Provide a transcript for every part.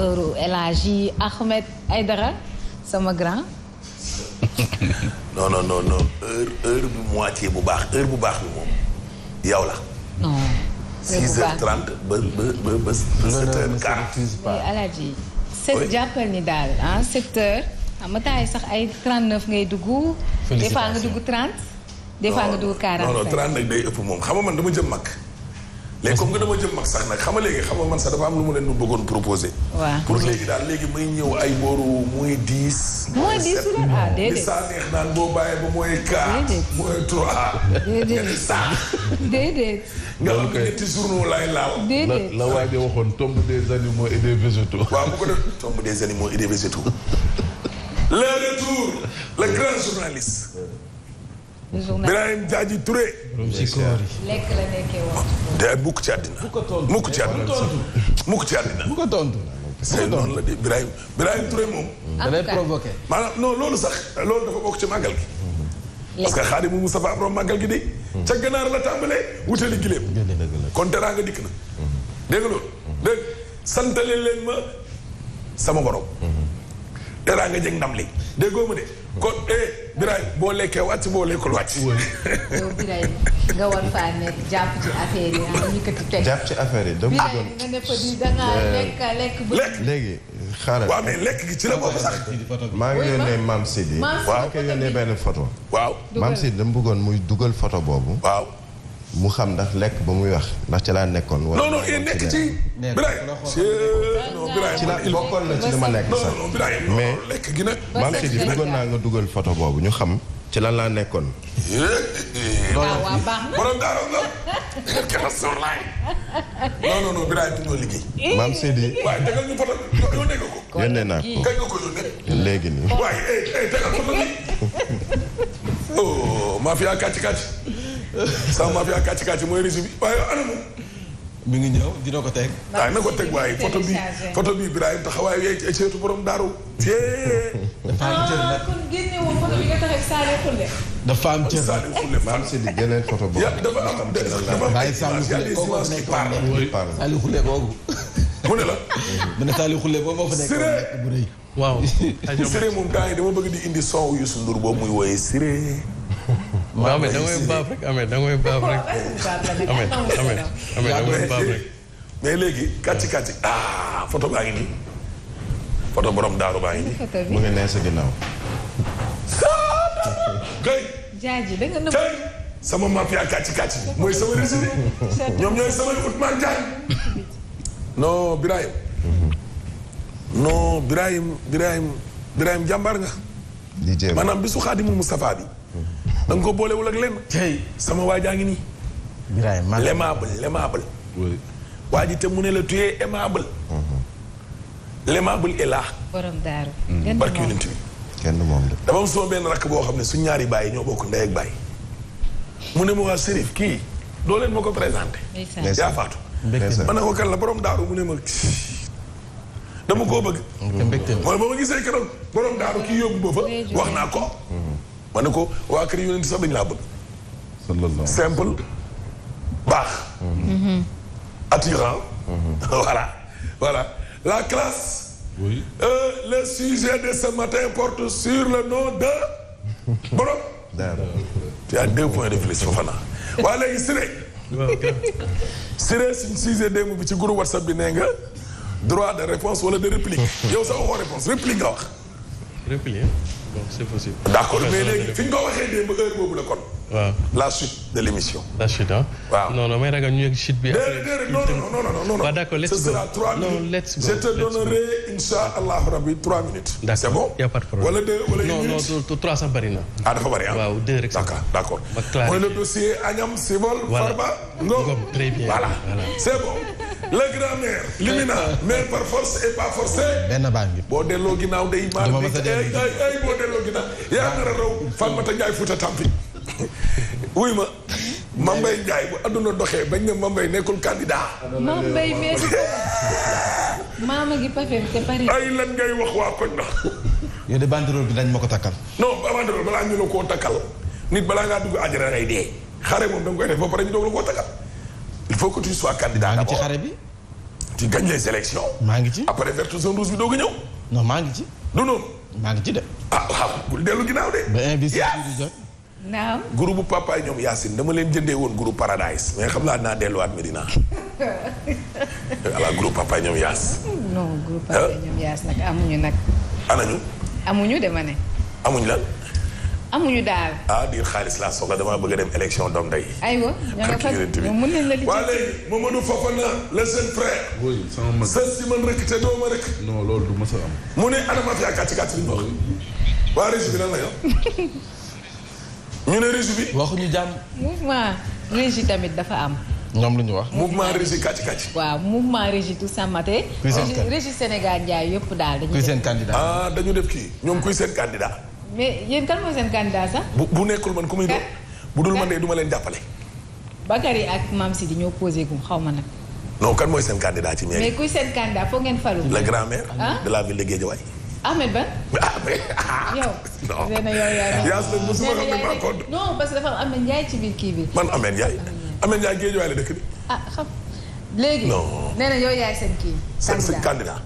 heure El Hadji ay Aïdara sama grand. non non non non heure heure bi moitié bu baax heure bu baax bi moom yow la. non six heures trente ba ba ba ba sept heures quarante. El jàppal ni daal ah sept heures xam sax ay trente neuf ngay dugg. des fois nga dugg trente. des fois nga dugg quarante cinq non day ëpp moom xam nga man dama jëm mag. léegi comme que dama jëm mag sax nag xam nga léegi xam nga man sax dafa am lu ma leen bëggoon proposé. waaw pour léegi daal léegi may ñëw ay booru mooy dix. mooy dix la ah déedéet li saa neex naan boo bàyyee ba mooy quatre. mooy trois. déedéet nga saa. déedéet. nga xam ñetti journaux laay laaw. déedéet la waay de waxoon tombe des animaux et des végétaux. waaw bu ko def tombe des animaux et des végétaux. le retour le grand journaliste. Birahim Diadji Touré. daa la nekkee woon. day mukk ci àddina. mukk ci àddina mukk ci àddina. bu ko tontu c'est noonu la de Birahim Birahim Touré moom. da lay provoqué. maanaam non loolu sax loolu dafa bokk ci màggal gi. parce que Xaadimu Mustafaa borom màggal gi de. ca ganaar la tàmbalee wutali gileem. kon teraanga dikk na. dégg nga loolu. dégg santalee ma sama borom. teraa nga jëg ndam li déggoo ma de kon eh boo lekkee wàcc boo lekkul wàcc. yow oh, Biray nga war faa nekk jàpp ci affaire yi ah ñu ci affaire yi donc. Biray nga euh, ci la boobu maa ngi yónnee Mame Sidi. waaw maa ngi yónnee benn photo. waaw Mame Sidi dama bëggoon muy dugal photo boobu. waaw. mu xam ndax lekk ba muy wax ndax ci laa nekkoon. wala non non nekk ci. ci euh, bokkoon na ci li ma lekk sax. mais maam ci bëggoon naa nga dugal photo boobu ñu xam. ci lan laa nekkoon. Eh, eh, eh. Ah, waaw maam Seydi. waaye tegal ñu photo nga ko. yónnee ko léegi nii. waaye tegal photo bi. oh sama maa fi ak kàcc kàcc mooy rési bi waaye ana moom mi ngi ñëw dina ko teg waaye na ko teg waaye photo bi photo bi Ibrahima taxawaay yee seetu borom daaru dafa am cër nag ah, kon génnewoon photo bi nga tax ak Saliou Khoule dafa am cër nag maam si di geneen photo boobu dafa am waaye Saliou Khoule boobu mu ne la mu ne Saliou Khoule boobu moo fa nekk bu rëy waaw Siré moom temps yi dama bëgg di indi son Youssou Ndour boobu muy wooyee Siré waaw mais amee da ngay baaf rek amee mais léegi kàcci kàcci ah photo baa ngi nii photo borom daaru baa ngi nii. mu ngi nee sa ginnaaw. kay. sama mafia kàcci kàcci mooy sama résumé ñoom ñooy sama Ousmane Diagne. non Birahim. non Birahim Birahim Birahim jàmbaar nga. maanaam bisu xaadimu Moustapha bi. danga ko boolewul ak lenn. tey sama waa jaa ngi nii. Birahim maa l'aimable te mu ne la tu es aimable. Mhm. l'aimable est là. Mhm. barki yonent bi. kenn moom la dama am sama benn rakk boo xam ne suñ ñaari bàyyi ñoo bokk ndey ak bàyyi. mu ne ma waa Serif kii doo leen ma ko présenté. yaa faatu. ma ne ko kan la borom daaru mu ne ma. dama koo bëgg. mooy ba ma gisee keroog borom daaru kii yóbbu ba fa wax naa ko. Mhm. ma ne ko waa kër yonent sax dañu laa bëgg. simple baax. Mhm. attirant. Mhm. voilà voilà la classe. oui euh, le sujet de ce matin porte sur le nom de. borom. tu as deux points de plus waa léegi Siré. Siré suñu sujet démb bi ci groupe WhatsApp bi nee nga droit de réponse wala de réplique. yow sa waxoo réponse réplique nga wax. replier bon c'est possible. d'accord mais léegi fi ñu ko waxee démb heure boobu la kon. waaw la suite de l'émission. la suite ah. waaw non non may ragal ñu yegg suite bi. après non non non non non. waaw d'accord let's go ce sera trois minutes. non let's go je te donnerai incha allah rabi trois minutes. d'accord c'est bon y a pas de problème wala deux wala une minute non non trois sax bari na. ah dafa bari ah waaw deux rek. d'accord d'accord mooy le dossier Agnam Civol Farba Ngom. Ngom très bien voilà c'est bon. le grand maire. limina maire par force et pas forcé. benn baa ngi. boo delloo ginnaaw day. du ma mës a delloo ay ay boo delloo ginnaaw. yaa ngi raw ah. Fatmata Ndiaye Fouta Tampi. wuy ma. Mambay Ndiaye bu àdduna doxee bañ ne Mambay nekkul candidat. Mambay meesu ko. maama gi pafem te pare. ay lan ngay wax waa koñ na. yow de banderole bi dañ ma ko takkal. non banderole balaa ñu la koo takkal nit balaa ngaa dugg àjjana ngay dee. xare moom da nga koy def ba faut que tu sois candidat d'abord maa ngi ci xare bi. tu gagnes les élections. maa ngi ci après verte zone rouge bi doog a ñëw. non maa ngi ci. du noonu. maa ngi ci de. ah waaw bul dellu ginnaaw de. ba investisseur di jot. naam. groupe papa yi ñoom Yacine dama leen jëndee woon groupe Paradise mais xam naa naa delluwaat Medina. voilà groupe papa yi ñoom Yaas. non groupe ah. papa yi ñoom Yaas nag amuñu nag. anañu. amuñu dama ne. amuñu lan. amuñu daal. ah diir xaalis laa soxla damaa bëgg dem élection doom day. ay ña nga fa mën nañ la le jeune frère. oui sama du ma sa am. mu ne Adama fi ak kàcc kàcc li waa régie bi lan la ñu ne régie bi. waxuñu jàmm. mouvement régie tamit dafa am. ñoom lu ñu wax. mouvement régie kàcc kàcc. waaw mouvement régie tout ça maté. kuy seen Sénégal Ndiaye yëpp daal dañuy. kuy seen candidat ah dañu def kii ñoom kuy seen candidat. mais yéen kan mooy seen candidat sax. bu bu nekkul man ku muy doon bu dul man de du ma leen jàppale. Bakary ak Mame Sidi ñoo posé gum xaw ma nag. non kan mooy seen candidat ci mairie. mais kuy seen candidat foo ngeen falu. le grand maire. Ah? de la ville de Guédiawaye. Ahmed Ba. Ahmed ah. yow. non nee yaa non parce que dafa am Ahmed Ndiaye ci biir kii bi. man Ahmed Ndiaye. Ahmed Ndiaye Guédiawaye la dëkk bi. ah xam léegi. non nee na yow yaay seen kii. candidat seen candidat.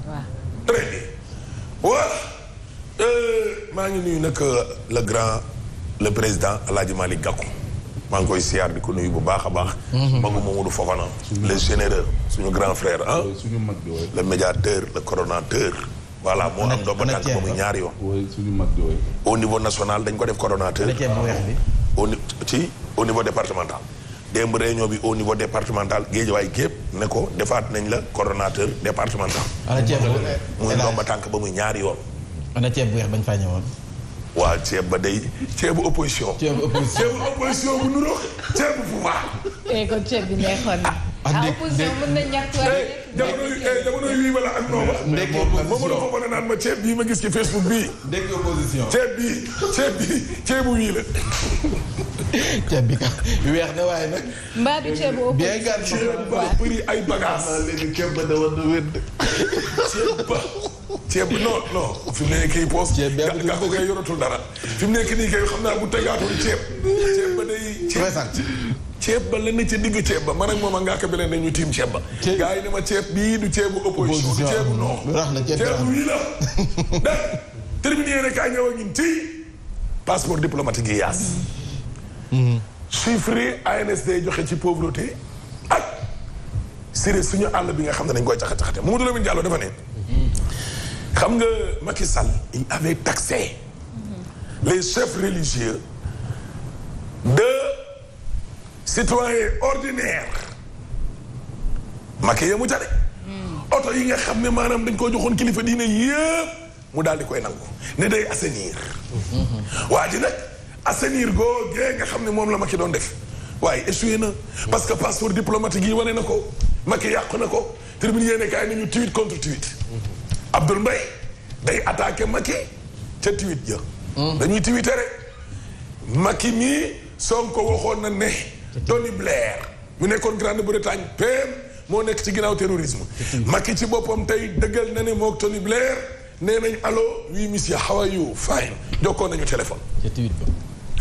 waaw Eh, maa ngi nuyu nag euh, le grand le président El Hadj Malick Gakou maa ngi koy siyaar di ko nuyu bu baax a baax. Mhm. magu Mamadou Fofana. le généreux suñu grand frère ah. suñu mag le médiateur la coronateur. voilà moo am doomu tànk ba muy ñaari yoon. suñu mag au niveau national dañ ko def coronateur. au ci au niveau départemental. démb réunion bi au niveau départemental Géejawaay gépp ne ko defaat nañ la coronateur départemental. muy ndomba tànk ba muy ñaari yoon. ana ceeb bu weex bañ faa ñëwoon. waaw ceeb ba day ceebu opposition. ceebu opposition opposition bu niróo ceebu pouvoir. eh kon ceeb bi neexoon na. ah, ah opposition mën na ñàkk waaye. jamono yi jamono yi wala eh, ma eh, naan ma ma gis ci Facebook bii. ndekki opposition. ceeb bii wii la. ceeb bi ka weex na waaye nag. mbaa bi ceebu opposition bien gàtt. ceeb ba bëri ay bagages. ba da war na wér. ba. ceeb non non fi mu kii poos. ceeb yaa ngi ko koy yoratul dara. fi mu nekk nii kay xam naa bu tegaatoon ceeb. ceeb ba day. ceeb ba lenn ca digg ceeb ba man ak moom ak ngaa ko beleen dañu tiim ceeb ba. ceeb gars yi ne ma ceeb bii du ceebu opposition. opposition du ceebu non. rax na ceeb ceebu wii la. ndax terminé rek a ñëw ak ñun ci passeport diplomatique yi hmm. joxe ci pauvreté ak. Siré suñu àll bi nga xam ne dañ koy caxa caxate Mamadou Lamine Diallo dafa ne. xam nga Macky Sall il avait taxé les chefs religieux de citoyens ordinaires Macky mu jare oto yi nga xam ne maanaam dañ koo joxoon kilifa diine yëpp mu daal di koy nangu ne day assainir waa ji nag assainir googee nga xam ne moom la Macky doon def waaye échoué na parce que passeport diplomatique yi wane na ko Macky yàqu na ko tribune yéene kaay nañu tweet contre tweet Abdoul Mbaye day attaqué Macky ca tiwit ja hmm. dañuy tiwite rek Macky mii Sonko waxoon na ne Tony Blair mu nekkoon Grande-Bretagne PM moo nekk ci ginnaaw terrorisme Macky ci boppam tey dëggal na ne mook Tony Blair nee nañ allo oui monsieur how are you fine jokkoon nañu téléphone ca tiwit ba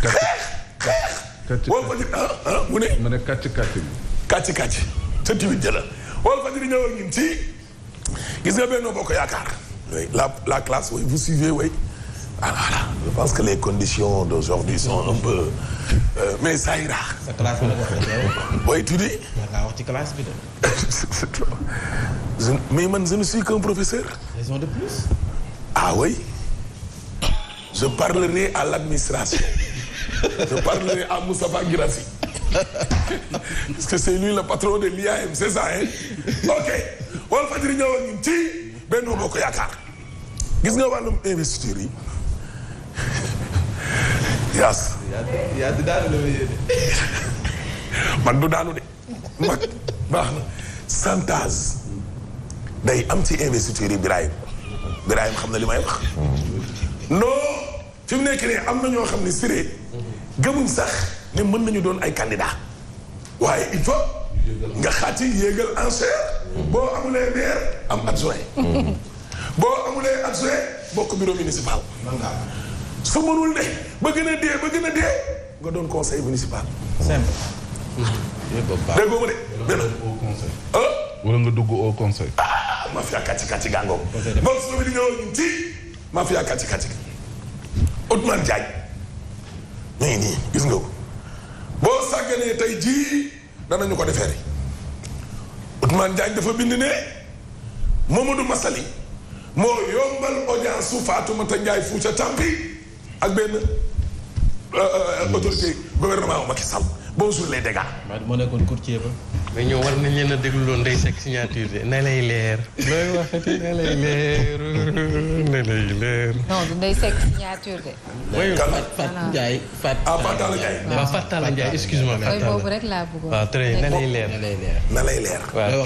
kàcc kàcc ah, ah, mu ne ca tiwit ja la wal fa di ñëw ak ci gis nga Benno Bokk Yaakaar oui la la classe vous suivez oui alors ah, voilà je pense que les conditions d'aujourd'hui sont un peu euh, mais ça ira. sa classe mais man je ne suis qu'un professeur. ah oui. je parlerai à l'administration je parlerai à Moustapha Guirassy parce que c'est lui le patron de l'IAM c'est ça hein ok. wal fajri ñëw ak ñun ci Benno Bokk Yaakaar gis nga wàllum investiture yi yaas yaa du daanu la ma du daanu de man baax day am ci investiture yi Birahim xam na li may wax non fi nekk nii am na ñoo xam ne siré gëmuñ sax ne mën nañu doon ay candidat waaye il faut nga xaati yéegal enchère boo amulee maire am adjoint mm-hmm. boo amulee adjoint bokk bureau municipal su mënul de ba gën a dee ba gën a dee nga doon conseil municipal simple dégg nga de benn ah. wala nga dugg au conseil ah mafia kàcci kàcci gàngoom donc su ma di ñëw ñun ci mafia kàcci kàcci Ousmane Diagne nii gis nga ko boo sàgganee tey jii danañu ko defeeri Ousmane Diagne dafa bind ne Mamadou Massaly moo yombal audience su Fatoumata Ndiaye Fouta Tampi ak benn euh, euh, autorité boo Macky Sall bonjour les dégâts. moo nekkoon courtier ba. mais ñoo war nañ leen a déglu loon day sekk signature de na lay leer. looy waxati na lay leer na lay leer. non du day sekk signature de. mooy Fat Fat Ndiaye. Fat ah, Talla Ndiaye waaw ah, Fat Talla Ndiaye excuse-moi. Fat Talla boobu rek laa bëggoon. waaw ah, très na lay leer na lay leer. na lay leer. waaw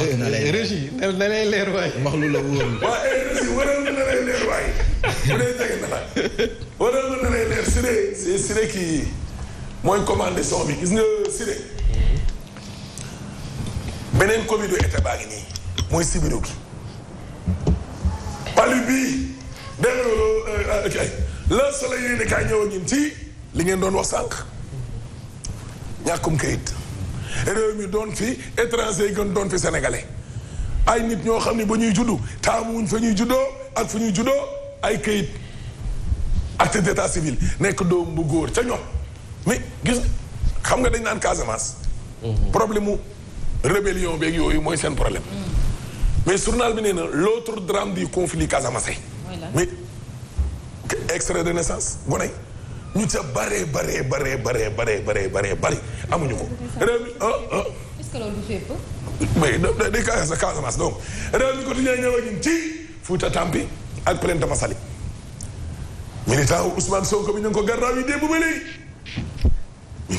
Régis na lay leer waay. wax lu la wóor la. waaw Régis waral na lay leer waay. bu dee teg na la. waral na lay leer Siré. c'est Siré kii mooy commandé son bi gis nga Siré. beneen Covid du été baa ngi nii mooy sibiru gi palu bii dégg la euh, euh, soleil yéen i kaay ñëw ak ci li ngeen doon wax sànq ñàkkum kayit réew mi doon fi étranger gën doon fi sénégalais ay nit ñoo xam ne ba ñuy juddu taamuwuñ fa ñuy juddoo ak fa ñuy juddoo ay kayit acte d'état civil nekk doom bu góor ca ñoom mais gis xam nga dañ naan Casamance mhm. problème rébellion beeg yooyu mooy seen problème mais journal bi nee na l'autre drame du conflit casamançais mais extrait de naissance gone ñu ca bare bare bare bare bare bare bare bare amuñu ko réew mi ah ah est-ce que loolu fépp mais da day kaa sa Casamance donc réew mi quotidien ñëw ak ñun ci Fouta Tampi ak Plaine Tamassalik militant Ousmane Sonko bi ñu ngi ko garraaw yi démb ba léegi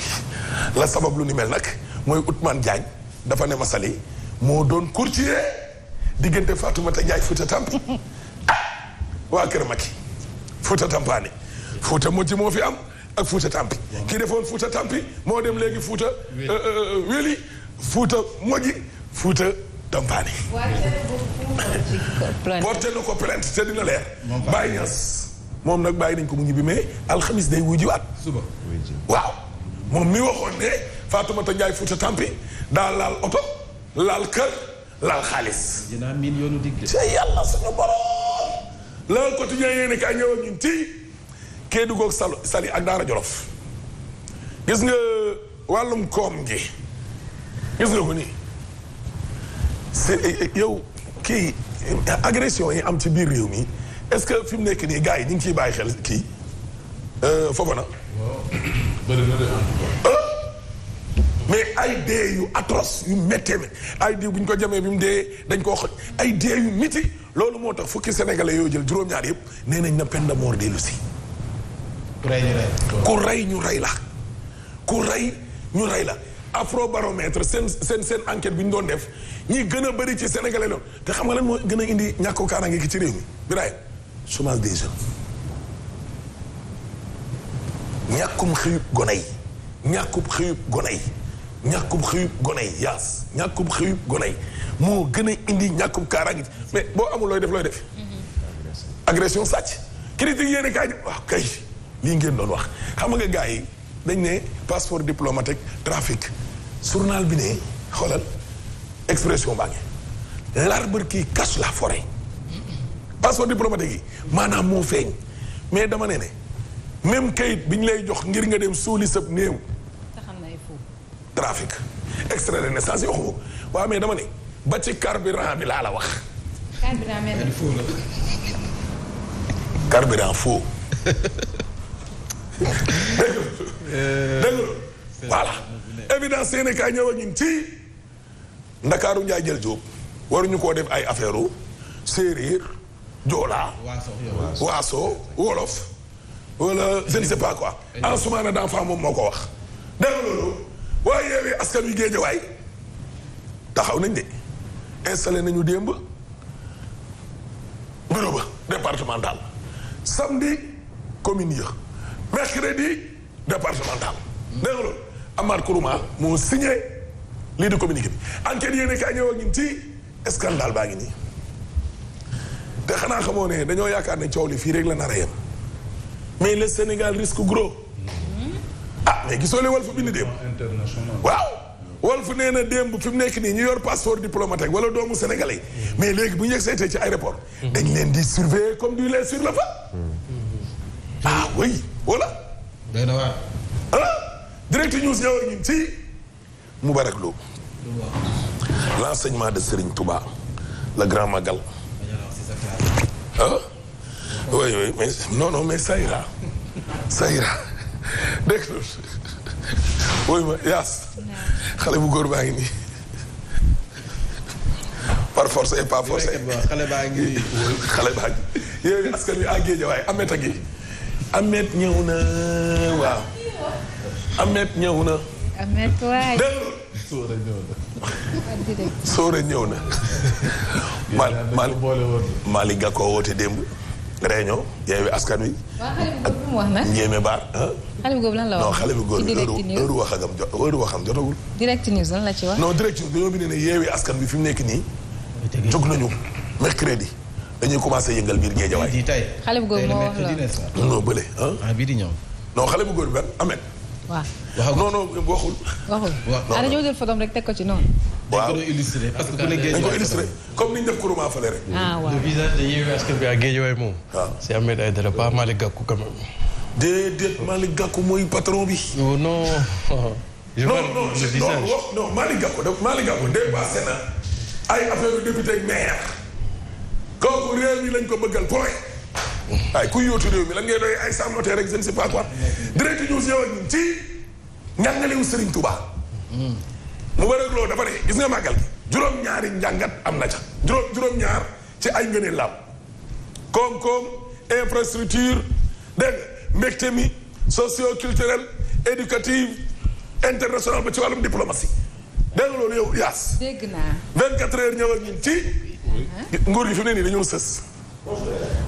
la sabab lu ni mel nag mooy Outmane Diagne dafa ne ma moo doon courtier diggante Fatoumata Ndiaye Fouta Tampi ah, waa Kër Macky Fouta Tampaane Fouta Mojji moo fi am ak Fouta Tampi ki defoon Fouta Tampi moo dem léegi Fouta Weli euh, euh, euh, Fouta Mojji Fouta Tampaane porté na ko plainte te dina leer Baye Niass moom nag bàyyi nañ ko mu ngi bi mais alxamis day wujuwaat waaw moom mi waxoon ne Fatoumata Ndiaye Fouta Tampi daal laal oto laal kër laal xaalis. dinaa miin yoonu digg. te yàlla suñu borom. laal quotidien yéen i kaay ñëw ak ñun tii. ak Sal Saly ak Daara Jolof. gis nga wàllum koom gi. gis nga ko nii. c'est eh, eh, yow kii agression yi am ci biir réew mi est-ce que fi mu nekk nii gars yi ñu ngi ciy bàyyi xel kii. Euh, Fofana. na mais ay dee yu atroce yu méttee ay diw bu ñu ko jamee bi mu dee dañ koo xoj ay dee yu miti loolu moo tax fukki sénégalais yoo jël juróom-ñaar yëpp nee nañ na peine de mort dellu si. ku rey ñu rey. ku rey ñu rey la ku rey ñu rey la afrobaromètre seen seen seen bi ñu doon def ñi gën a bëri ci sénégalais loolu te xam nga lan moo gën a indi ñàkk kaaraange gi ci réew mi Birahim chômage des jeunes ñàkkum xëyub gone yi ñàkkub xëyub gone yi. ñàkkum xëyub gone yi yaas ñàkkum xëyub gone yi moo gën a indi ñàkkum kaaraange mais boo amul looy def looy def. agression sàcc. critique yéen a kaay waaw kay lii ngeen doon wax xam nga gars yi dañ ne passeport diplomatique trafic journal bi ne xoolal expression baa ngi l'arbre qui cache la forêt. passeport diplomatique yi maanaam moo feeñ mais dama ne ne même kayit bi ñu lay jox ngir nga dem suuli sab néew. trafic extrait de naissance yoo xam waaw mais dama ne ba ci carburant bi laa la wax. carburant mel ni faux la. évidence yéen kaay ñëw ci Ndakaaru Njaay jël Jóob waruñu koo def ay affaire séeréer joola waaso wolof wala je ne pas quoi en sumana d'enfant moom moo ko wax dégg loolu askan wi géejawaay taxaw nañ de installé nañu démb bureau ba départemental samedi commune ya mercredi départemental dégg nga loolu Amar Kourouma moo signé lii di communiqué bi enquête yéen kay ñëw ak ci scandale baa ngi nii te xanaa xamoo ne dañoo yaakaar ne coow li fii rek la nar a yem mais le Sénégal risque gros ah mais gisoo li Walf bind démb waaw Walf nee na démb fi mu nekk nii ñu yor passeport diplomatique wala doomu sénégalais mais léegi bu ñu yegseetee ci aéroport dañ leen di surveiller comme du lait sur le feu ah oui voilà day na waar ah direct news ñëw ak ñun ci Moubarak Lo l'enseignement de Serigne Touba la grand magal ah oui oui mais non non mais ça ira dégg nga wóoy ma yaas. xale bu góor baa ngi nii. par force et par force. xale baa ngi nii xale baa ngi nii. yéen askan wi àggee amet a amet ñëw na waaw. amet ñëw na. amet ñëw na. Soore ñëw na. Mali Mali Mali réunion yeewi askan wi. waaw xale bu góor wax Ndiémé Ba. Ah? xale bu góor lan la wax am xale bu góor jotagul. direct news lan la ci wax. non direct news dañoo bind ne yeewi askan wi fi mu nekk nii. jóg nañu mercredi. dañuy commencé yëngal biir géejawaay. xale bu góor moo wax la non bële. Ah? ah bii di ñëw. non xale bu góor bi ban Ameth. waaw non waxul. waxul ah dañoo jël photo teg ko ci noonu. waaw ko illustré parce que ku ko illustré comme ni rek. ah waaw le visage de Yewwi Askan Wi ak Guédiawaye moom. waaw ah. c'est Ahmed Aïdara pas Malick Gakou quand même. déedéet Malick Gakou mooy patron bi. Oh, non non. je non non non Malick Gakou ay affaire député ak kooku réew mi lañ ko bëggal point. waaye kuy yootu réew mi lan ngay doy ay Sam Notaire rek je ne sais pas quoi. direct news ñëw ak ñun ci njàngalewu Serigne Touba. mu wéreeg loolu dafa ne gis nga màggal gi juróom-ñaari njàngat am na ca juróom juróom-ñaar ci ay ngëneel laam koom-koom infrastructure dégg nga mi socio culturel éducative international ba ci wàllum diplomatie dégg nga loolu yow yaas. dégg naa 24 heures ñëw ak ñun ci. nguur gi fi mu ne nii dañoo sës.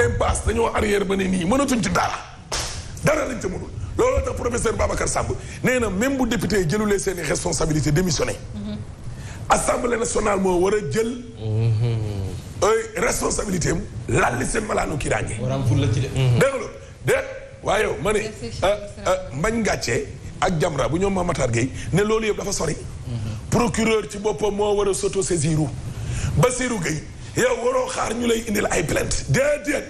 impasse dañoo arrière ba ne nii mënatuñ ci dara dara lañ ca mënul looloo tax professeur Babacar Samb nee na même bu député yi jëlulee seen i responsabilité démissionné assemblée nationale moo war a jël mhm. ay responsabilité am lalli seen malaanu kii ràññee mhm. dégg nga de waaye yow ma ne euh, euh, mbañ ngàccee ak jamra bu ñoom ma Matar Gueye ne loolu yëpp dafa sori mhm. procureur ci boppam moo war a s'autosaisir Bassirou Gueye yow waroo xaar ñu lay indil ay plainte déedéet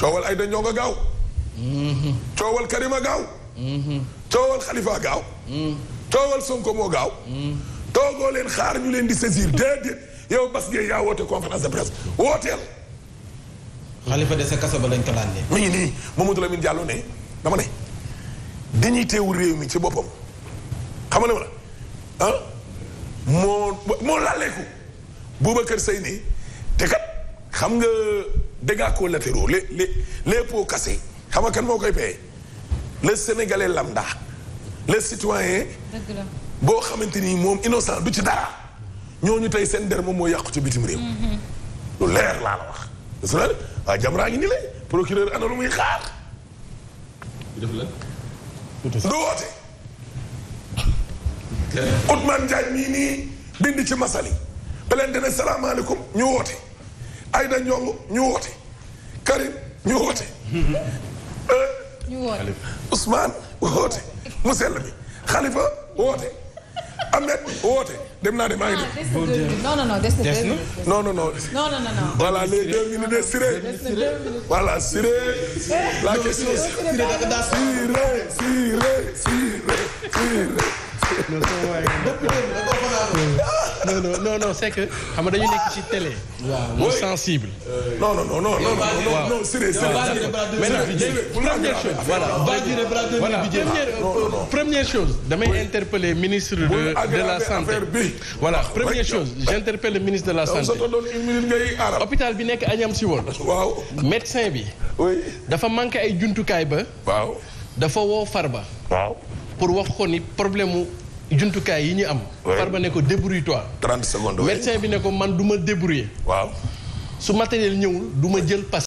coowal ay dañoo nga gaaw coowal Karima gaaw coowal Khalifa gaaw coowal Sonko moo gaaw toogoo leen xaar ñu leen di saisir déedéet yow bas ngeen yaa woote conférence de presse wooteel Khalifa de sa kaso ba lañ ko laajee mi ngi nii Mamadou Lamine Diallo ne dama ne dignité réew mi ci boppam xam nga ne moo moo laaleeku Boubacar Seyni te kat xam nga dégâts collatéraux les les les pots cassés xam nga kan moo koy paye le sénégalais lambda le citoyen boo xamante ni moom innocent du ci dara ñooñu tey seen der moom moo yàqu ci bitim réew. Mm-hmm. lu leer laa la wax. parce que waa Jamra ngi ni lay procureur ana lu muy xaar. du woote. Ousmane Diagne mii nii bind ci Massaly. plainte ne salaamaaleykum ñu woote Aïda Ndiongo ñu woote Karim ñu woote eh, ñu woote Ousmane woote mu sell bi Khalifa woote Ahmed woote dem naa de maa ngi dem ah, non non non des na non non non voilà les deux minutes de Siré voilà Siré la question Siré Siré Siré Siré non non non non c'est que xam nga dañu nekk ci télé. waaw sensible. non non non non non non sérieux sérieux première chose voilà première chose damay interpeller ministre de de la santé. voilà ah, première chose j'interpelle le ministre de la ah, santé. hôpital bi nekk Agnam si woon. waaw médecin bi. dafa manqué ay jumtukaay ba. waaw dafa woo Farba. waaw pour wax ko ni problème mu. jumtukaay yi ñu am. Farba ne ko débrouille toi. 30 secondes bi ne ko man du ma débrouiller. waaw su matériel ñëwul du jël pass.